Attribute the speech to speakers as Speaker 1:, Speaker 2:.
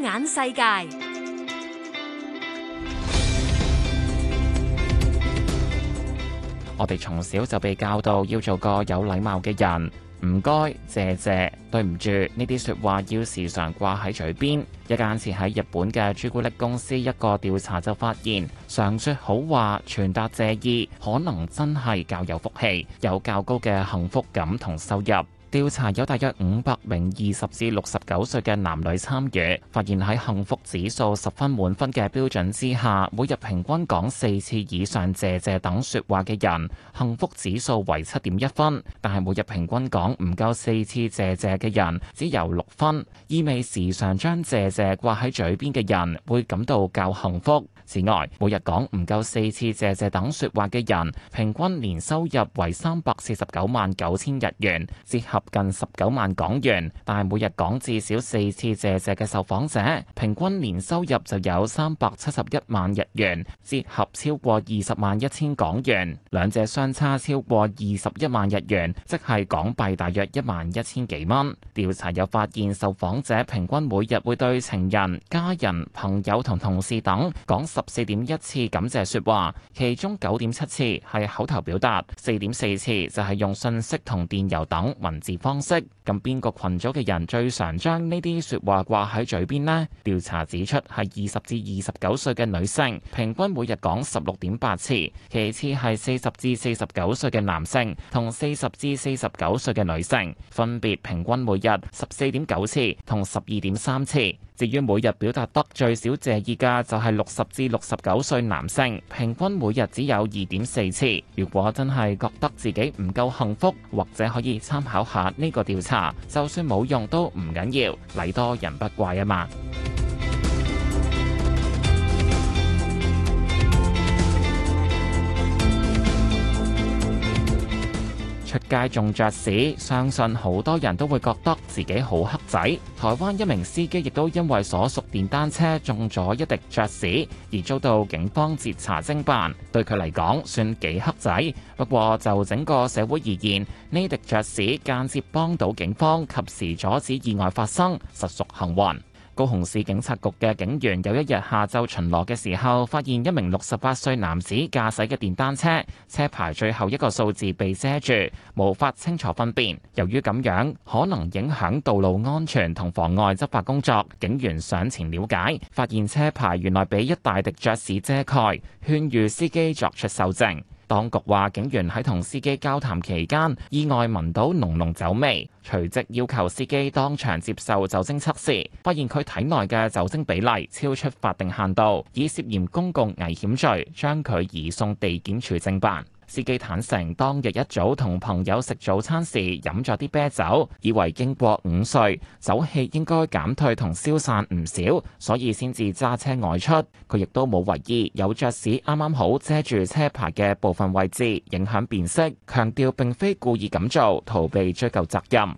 Speaker 1: 眼世界，我哋從小就被教導要做個有禮貌嘅人，唔該、謝謝、對唔住呢啲說話要時常掛喺嘴邊。一間設喺日本嘅朱古力公司一個調查就發現，常說好話、傳達謝意，可能真係較有福氣，有較高嘅幸福感同收入。調查有大約五百名二十至六十九歲嘅男女參與，發現喺幸福指數十分滿分嘅標準之下，每日平均講四次以上謝謝等説話嘅人，幸福指數為七點一分；但係每日平均講唔夠四次謝謝嘅人，只有六分，意味時常將謝謝掛喺嘴邊嘅人會感到較幸福。此外，每日講唔夠四次謝謝等説話嘅人，平均年收入為三百四十九萬九千日元，折合，近十九萬港元，但係每日講至少四次謝謝嘅受訪者，平均年收入就有三百七十一萬日元，折合超過二十萬一千港元。兩者相差超過二十一萬日元，即係港幣大約一萬一千幾蚊。調查又發現，受訪者平均每日會對情人、家人、朋友同同事等講十四點一次感謝説話，其中九點七次係口頭表達，四點四次就係用訊息同電郵等文字方式，咁邊個群組嘅人最常將呢啲說話掛喺嘴邊呢？調查指出，係二十至二十九歲嘅女性，平均每日講十六點八次；其次係四十至四十九歲嘅男性，同四十至四十九歲嘅女性，分別平均每日十四點九次，同十二點三次。至於每日表達得最少謝意嘅就係六十至六十九歲男性，平均每日只有二點四次。如果真係覺得自己唔夠幸福，或者可以參考下呢個調查，就算冇用都唔緊要，禮多人不怪啊嘛。出街中雀屎，相信好多人都會覺得自己好黑仔。台灣一名司機亦都因為所屬電單車中咗一滴雀屎，而遭到警方截查偵辦，對佢嚟講算幾黑仔。不過就整個社會而言，呢滴雀屎間接幫到警方及時阻止意外發生，實屬幸運。高雄市警察局嘅警員有一日下晝巡邏嘅時候，發現一名六十八歲男子駕駛嘅電單車，車牌最後一個數字被遮住，無法清楚分辨。由於咁樣可能影響道路安全同妨礙執法工作，警員上前了解，發現車牌原來被一大滴雀屎遮蓋，勸喻司機作出修正。當局話，警員喺同司機交談期間，意外聞到濃濃酒味，隨即要求司機當場接受酒精測試，發現佢體內嘅酒精比例超出法定限度，以涉嫌公共危險罪，將佢移送地檢處偵辦。司機坦承，當日一早同朋友食早餐時飲咗啲啤酒，以為經過午睡，酒氣應該減退同消散唔少，所以先至揸車外出。佢亦都冇為意，有雀屎啱啱好遮住車牌嘅部分位置，影響辨識。強調並非故意咁做，逃避追究責任。